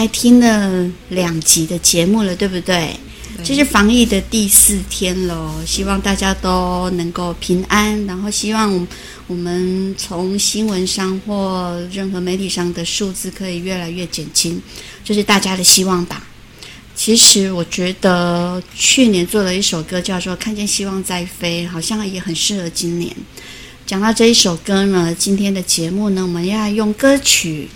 該聽了兩集的節目了，對不對？對。這是防疫的第四天了，希望大家都能夠平安。然後希望我們從新聞上或任何媒體上的數字可以越來越減輕，這、就是大家的希望吧。其實我覺得去年做了一首歌，叫做《看見希望在飛》，好像也很適合今年。講到這一首歌呢，今天的節目呢，我們要用歌曲，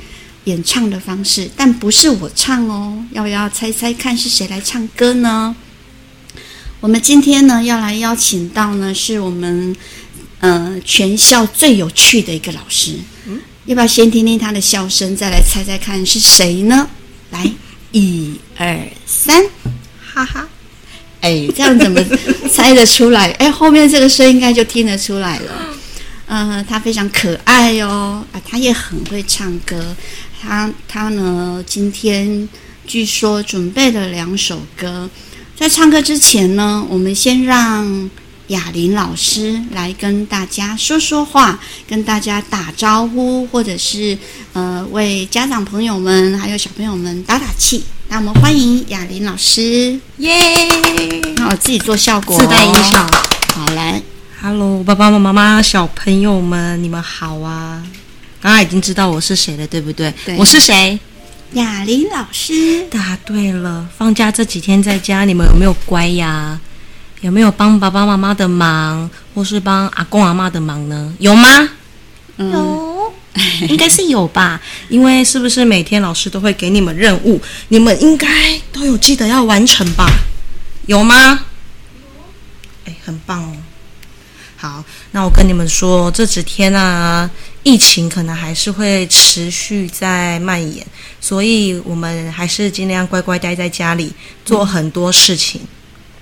演唱的方式，但不是我唱哦。要不要猜猜看是誰來唱歌呢？我們今天呢要來邀請到呢是我們嗯、呃、全校最有趣的一個老師。嗯，要不要先聽聽他的笑聲，再來猜猜看是誰呢？來，一、二、三，哈哈！哎，這樣怎麼猜得出來？ 哎，後面這個聲音應該就聽得出來了。嗯、呃，他非常可愛哦，啊，他也很會唱歌。他他呢？今天據說準備了兩首歌，在唱歌之前呢，我們先讓雅玲老師來跟大家說說話，跟大家打招呼，或者是呃為家長朋友們還有小朋友們打打氣。那我們歡迎雅玲老師，耶！Yeah! 那我自己做效果、哦，自帶音響。好來，哈囉，Hello, 爸爸媽媽、小朋友們，你們好啊！剛剛、啊、已經知道我是誰了，對不對？對啊、我是誰？雅玲老師，答對了。放假這幾天在家，你們有沒有乖呀？有沒有幫爸爸媽媽的忙，或是幫阿公阿媽的忙呢？有嗎？有、嗯，嗯、應該是有吧。 因為是不是每天老師都會給你們任務，你們應該都有記得要完成吧？有嗎？有，哎，很棒哦。好，那我跟你們說，這幾天啊，疫情可能還是會持續在蔓延，所以我們還是盡量乖乖待在家裡，做很多事情，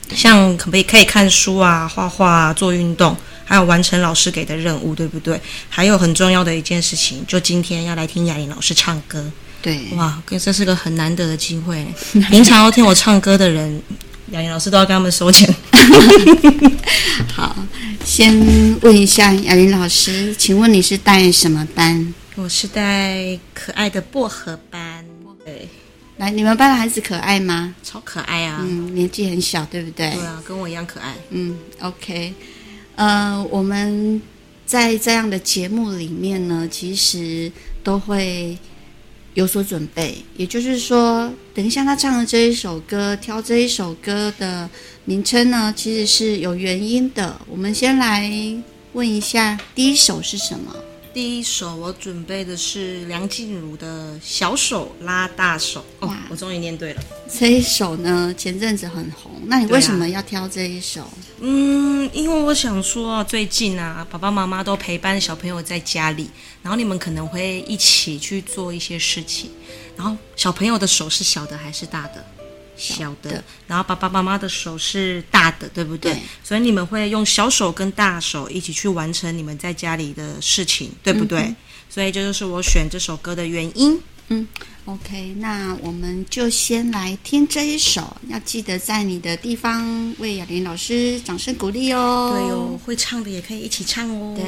嗯、像可不可以可以看書啊、畫畫、啊、做運動，還有完成老師給的任務，對不對？還有很重要的一件事情，就今天要來聽雅玲老師唱歌。對，哇，這是個很難得的機會， 平常要聽我唱歌的人。雅玲老師都要跟他們收錢。 好，先問一下雅玲老師，請問你是帶什麼班？我是帶可愛的薄荷班。對。哎，來，你們班的孩子可愛嗎？超可愛啊！嗯，年紀很小，對不對？對啊，跟我一樣可愛。嗯，OK，呃，我們在這樣的節目裡面呢，其實都會。有所準備，也就是說，等一下他唱的這一首歌，挑這一首歌的名稱呢，其實是有原因的。我們先來問一下，第一首是什麼？第一首我準備的是梁靜茹的《小手拉大手》哦，哇、啊，我終於念對了。這一首呢，前陣子很紅。那你為什麼要挑這一首？啊、嗯，因為我想說，最近啊，爸爸媽媽都陪伴小朋友在家裡，然後你們可能會一起去做一些事情，然後小朋友的手是小的還是大的？小的，小的，然後爸爸、媽媽的手是大的，對不對？對，所以你們會用小手跟大手一起去完成你們在家裡的事情，對不對？嗯嗯，所以這就是我選這首歌的原因。嗯，OK，那我們就先來聽這一首，要記得在你的地方為雅玲老師掌聲鼓勵哦。對哦，會唱的也可以一起唱哦。對。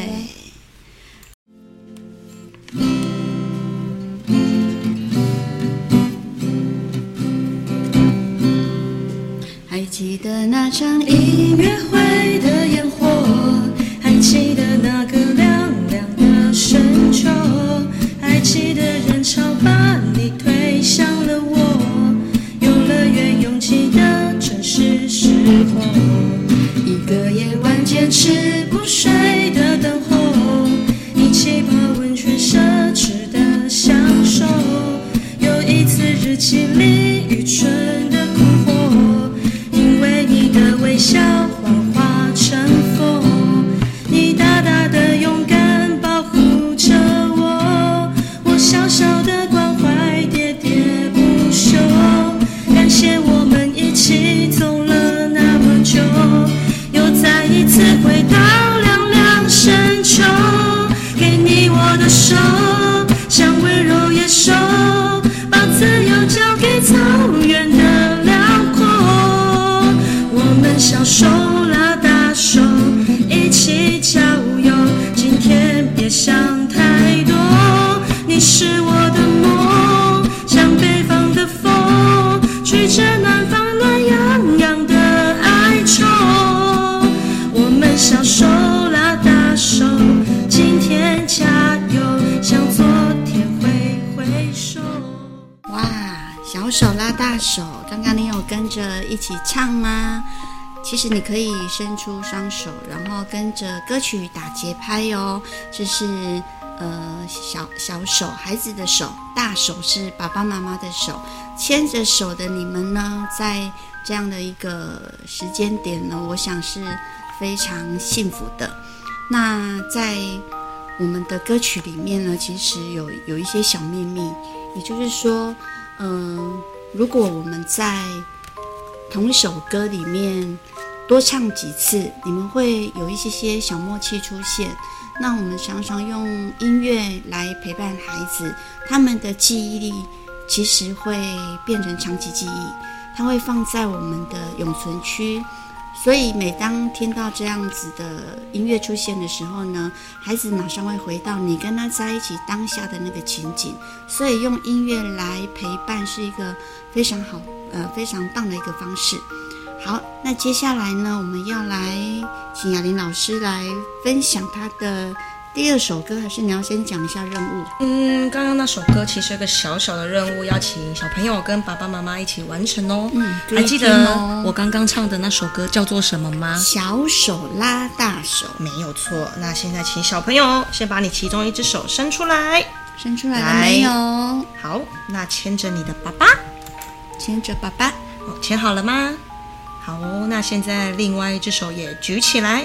還記得那場音樂會的煙火，還記得那個涼涼的深秋，還記得人潮把你推向了我，遊樂園擁擠的正是時候，一個夜晚堅持不睡的等候。是南方暖洋洋的愛愁，我們小手拉大手，今天加油，向昨天揮揮手。哇，小手拉大手，剛剛你有跟着一起唱嗎？其實你可以伸出雙手，然後跟着歌曲打節拍哦，這是。呃，小小手，孩子的手，大手是爸爸媽媽的手，牽着手的你們呢，在這樣的一個時間點呢，我想是非常幸福的。那在我們的歌曲裡面呢，其實有有一些小秘密，也就是說，嗯、呃，如果我們在同一首歌裡面多唱幾次，你們會有一些些小默契出現。那我們常常用音樂來陪伴孩子，他們的記憶力其實會變成長期記憶，它會放在我們的永存區。所以每當聽到這樣子的音樂出現的時候呢，孩子馬上會回到你跟他在一起當下的那個情景。所以用音樂來陪伴是一個非常好，呃，非常棒的一個方式。好，那接下來呢，我們要來請雅玲老師來分享她的第二首歌，還是你要先講一下任務？嗯，剛剛那首歌其實有個小小的任務，要請小朋友跟爸爸媽媽一起完成哦。嗯，對，還記得我剛剛唱的那首歌叫做什麼嗎？小手拉大手，沒有錯。那現在請小朋友先把你其中一隻手伸出來，伸出來了沒有？來。好，那牽着你的爸爸，牽着爸爸。哦，牽好了嗎？好，那現在另外一隻手也舉起來，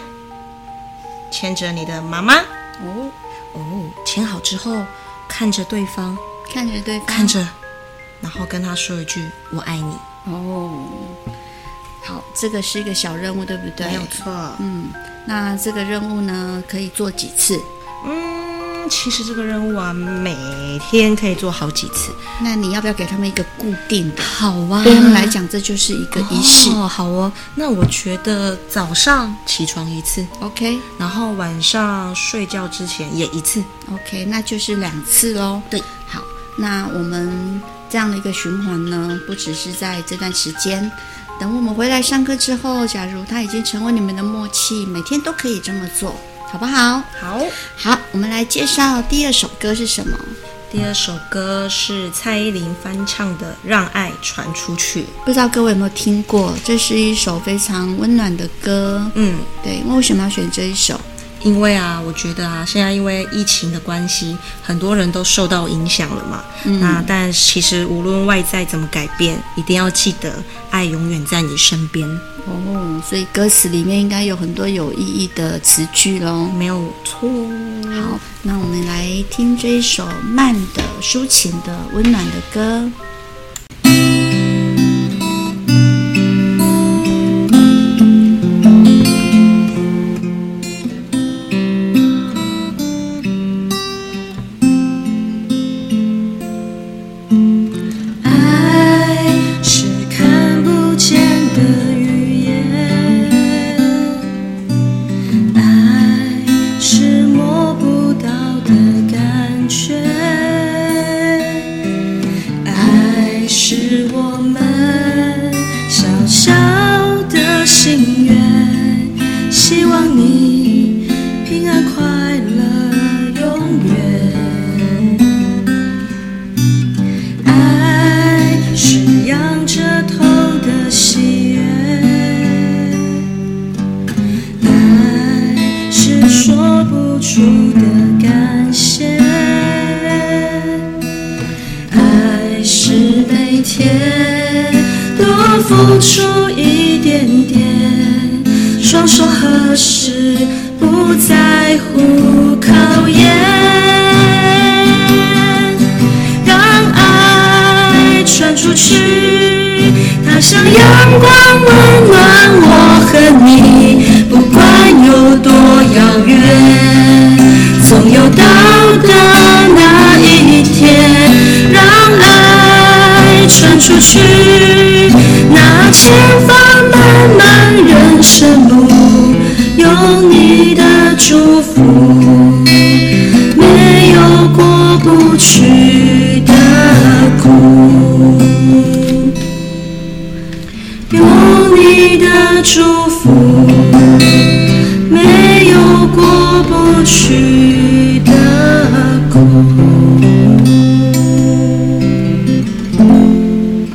牽着你的媽媽。哦哦，牽好之後，看着對方，看着對方，看着，然後跟他說一句“我愛你”。哦，好，這個是一個小任務，對不對？沒有錯。嗯，那這個任務呢，可以做幾次？其實這個任務啊，每天可以做好幾次。那你要不要給他們一個固定的？好啊，對他們來講，這就是一個儀式哦。好哦，那我覺得早上起床一次，OK，然後晚上睡覺之前也一次，OK，那就是兩次嘍。對，好，那我們這樣的一個循環呢，不只是在這段時間，等我們回來上課之後，假如他已經成為你們的默契，每天都可以這麼做。好不好？好，好，我們來介紹第二首歌是什麼？第二首歌是蔡依林翻唱的《讓愛傳出去》，嗯、不知道各位有沒有聽過？這是一首非常溫暖的歌。嗯，對，那為什麼要選這一首？因為啊，我覺得啊，現在因為疫情的關係，很多人都受到影響了嘛。嗯、那但其實無論外在怎麼改變，一定要記得愛永遠在你身邊。哦，所以歌詞裡面應該有很多有意義的詞句咯。沒有錯。好，那我們來聽這一首慢的、抒情的、溫暖的歌。去，它像陽光溫暖我和你，不管有多遙遠，總有到達那一天。讓愛傳出去，那前方漫漫人生路，有你的祝福，沒有過不去的苦。祝福沒有過不去的苦。嗯。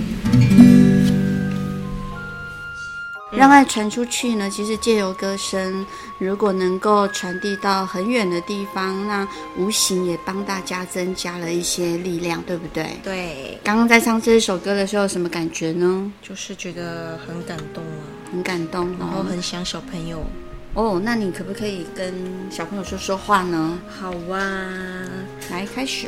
讓愛傳出去呢，其實借由歌聲，如果能夠傳遞到很遠的地方，那無形也幫大家增加了一些力量，對不對？對。剛剛在唱這首歌的時候，什麼感覺呢？就是覺得很感動啊。很感動、哦，然後很想小朋友哦。Oh, 那你可不可以跟小朋友說說話呢？好哇、啊，來開始。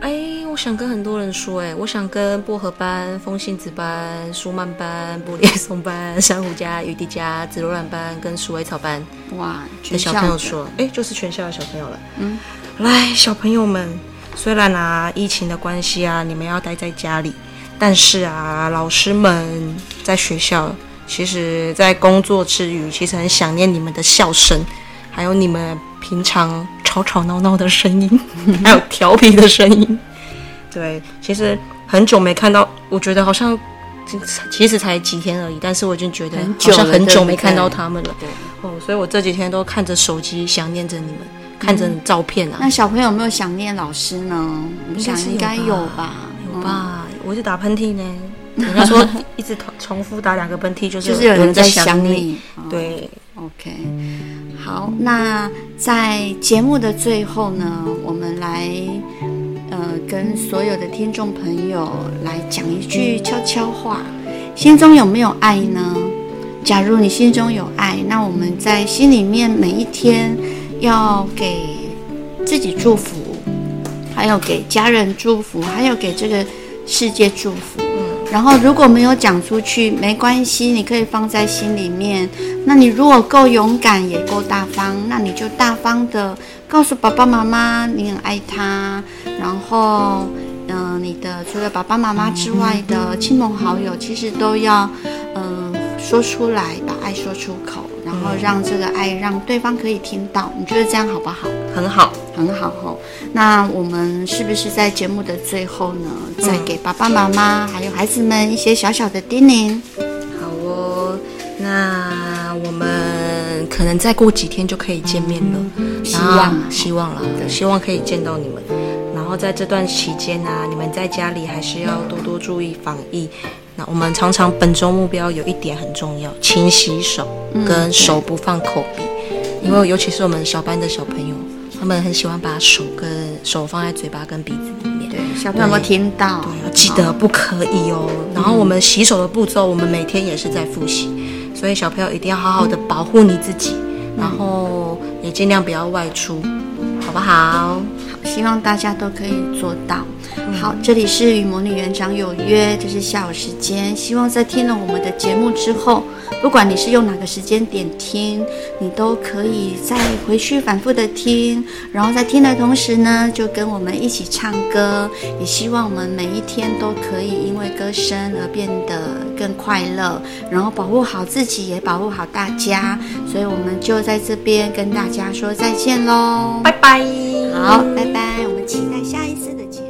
哎、欸，我想跟很多人說、欸，哎，我想跟薄荷班、風信子班、舒曼班、布列松班、珊瑚家、雨滴家、紫羅蘭班跟鼠尾草班哇全校的小朋友說，哎、欸，就是全校的小朋友了。嗯，來，小朋友們，雖然啊疫情的關係啊，你們要待在家裡，但是啊，老師們在學校。其實，在工作之餘，其實很想念你們的笑聲，還有你們平常吵吵鬧鬧的聲音， 還有調皮的聲音。對，其實很久沒看到，我覺得好像，其實才幾天而已，但是我就覺得很久很久沒看到他們了。哦，所以我這幾天都看着手機，想念着你們，嗯、看着你照片啊。那小朋友有沒有想念老師呢？我想應該，應該有吧？有吧？嗯、我就打噴嚏呢。可能 說一直重複打兩個噴嚏，就是有人在想你。想你 oh, 對，OK，好，那在節目的最後呢，我們來呃跟所有的聽眾朋友來講一句悄悄話：心中有沒有愛呢？假如你心中有愛，那我們在心裡面每一天要給自己祝福，還有給家人祝福，還有給這個世界祝福。然後如果沒有講出去，沒關係，你可以放在心裡面。那你如果夠勇敢，也夠大方，那你就大方的告訴爸爸媽媽，你很愛他。然後，嗯、呃，你的除了爸爸媽媽之外的親朋好友，嗯嗯嗯、其實都要，嗯、呃，說出來，把愛說出口。然後讓這個愛讓對方可以聽到，你覺得這樣好不好？很好，很好吼、哦。那我們是不是在節目的最後呢，嗯、再給爸爸媽媽、嗯、還有孩子們一些小小的叮嚀？好哦，那我們可能再過幾天就可以見面了，希望、嗯嗯、希望了，希望可以見到你們。然後在這段期間呢、啊，你們在家裡還是要多多注意防疫。嗯那我們常常本周目標有一點很重要，勤洗手跟手不放口鼻，嗯、因為尤其是我們小班的小朋友，他們很喜歡把手跟手放在嘴巴跟鼻子裡面。對，小朋友會聽到，對，要記得不可以哦。好然後我們洗手的步驟，我們每天也是在複習，嗯、所以小朋友一定要好好的保護你自己，嗯、然後也儘量不要外出，好不好？好，希望大家都可以做到。嗯、好，這裡是與魔女園長有約，這、就是下午時間。希望在聽了我們的節目之後，不管你是用哪個時間點聽，你都可以再回去反覆的聽。然後在聽的同時呢，就跟我們一起唱歌。也希望我們每一天都可以因為歌聲而變得更快樂，然後保護好自己，也保護好大家。所以我們就在這邊跟大家說再見嘍，拜拜。好，拜拜。我們期待下一次的節目。